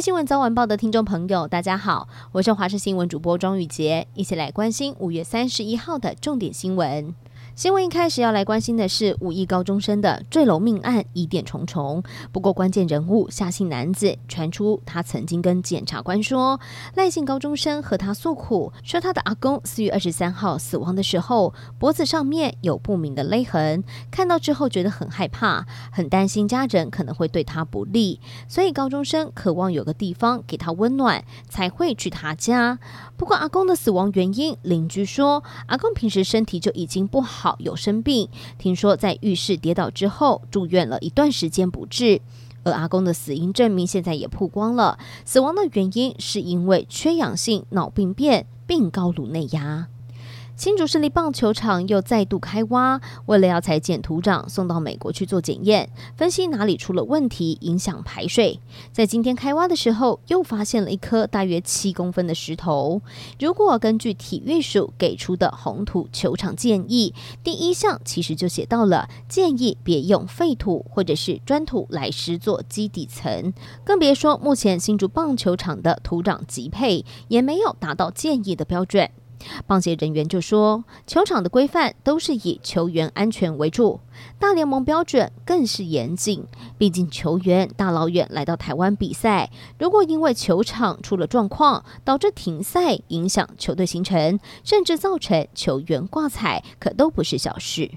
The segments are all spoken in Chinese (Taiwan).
新聞早晚報的聽眾朋友，大家好，我是華視新聞主播莊雨潔，一起來關心五月三十一號的重點新聞。新聞一開始要來關心的是五億高中生的墜樓命案，疑點重重。不過關鍵人物夏姓男子傳出，他曾經跟檢察官說，賴姓高中生和他訴苦，說他的阿公四月二十三號死亡的時候，脖子上面有不明的勒痕，看到之後覺得很害怕，很擔心家人可能會對他不利，所以高中生渴望有個地方給他溫暖，才會去他家。不過阿公的死亡原因，鄰居說阿公平時身體就已經不好。有生病，聽說在浴室跌倒之後住院了一段時間不治，而阿公的死因證明現在也曝光了，死亡的原因是因為缺氧性腦病變併高顱內壓。新竹市立棒球場又再度開挖，為了要採檢土壤送到美國去做檢驗分析，哪裡出了問題影響排水？在今天開挖的時候，又發現了一顆大約七公分的石頭。如果根據體育署給出的紅土球場建議，第一項其實就寫到了建議別用廢土或者是磚土來實作基底層，更別說目前新竹棒球場的土壤級配也沒有達到建議的標準。棒協人員就說，球場的規範都是以球員安全為主，大聯盟標準更是嚴謹。畢竟球員大老遠來到台灣比賽，如果因為球場出了狀況導致停賽，影響球隊行程，甚至造成球員掛彩，可都不是小事。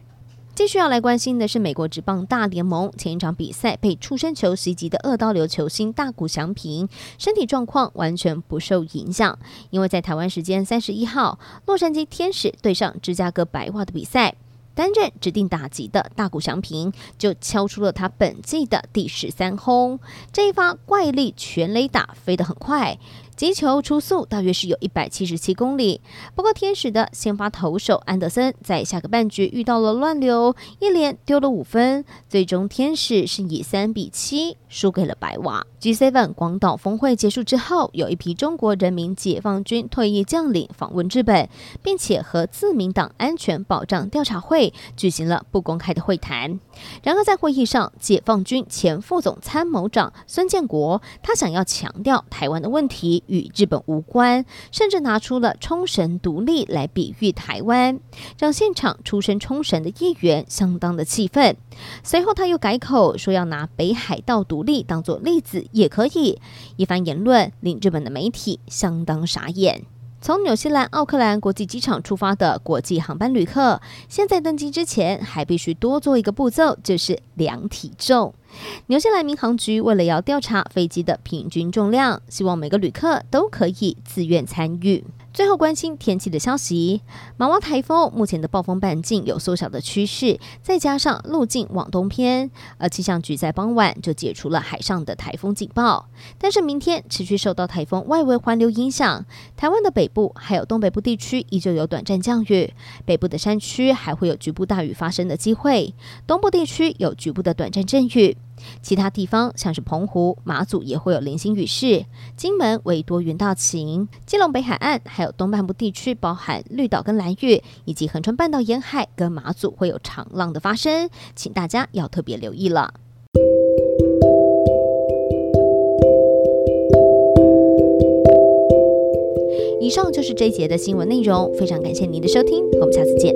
繼續要來關心的是，美國職棒大聯盟前一場比賽被觸身球襲擊的二刀流球星大谷翔平，身體狀況完全不受影響，因為在台灣時間三十一號，洛杉磯天使對上芝加哥白襪的比賽，擔任指定打擊的大谷翔平就敲出了他本季的第十三轟，這一發怪力全壘打飛得很快。擊球初速大約是有一百七十七公里。不過天使的先發投手安德森在下個半局遇到了亂流，一連丟了五分。最終天使是以三比七輸給了白瓦。G7 廣島峰會結束之後，有一批中國人民解放軍退役將領訪問日本，並且和自民黨安全保障調查會舉行了不公開的會談。然而在會議上，解放軍前副總參謀長孫建國他想要強調台灣的問題。與日本無關，甚至拿出了沖繩獨立來比喻台灣，讓現場出身沖繩的議員相當的氣憤。隨後他又改口說要拿北海道獨立當做例子也可以，一番言論令日本的媒體相當傻眼。從紐西蘭奧克蘭國際機場出發的國際航班旅客，現在登機之前還必須多做一個步驟，就是量體重。紐西蘭民航局為了要調查飛機的平均重量，希望每個旅客都可以自願參與。最後，關心天氣的消息。瑪娃颱風目前的暴風半徑有縮小的趨勢，再加上路徑往東偏，而氣象局在傍晚就解除了海上的颱風警報。但是，明天持續受到颱風外圍環流影響，台灣的北部還有東北部地區依舊有短暫降雨，北部的山區還會有局部大雨發生的機會，東部地區有局部的短暫陣雨。其他地方像是澎湖、馬祖也會有零星雨勢，金門為多雲到晴，基隆北海岸還有東半部地區包含綠島跟蘭嶼，以及恆春半島沿海跟馬祖會有長浪的發生，請大家要特別留意了。以上就是這一節的新聞內容，非常感謝您的收聽，我們下次見。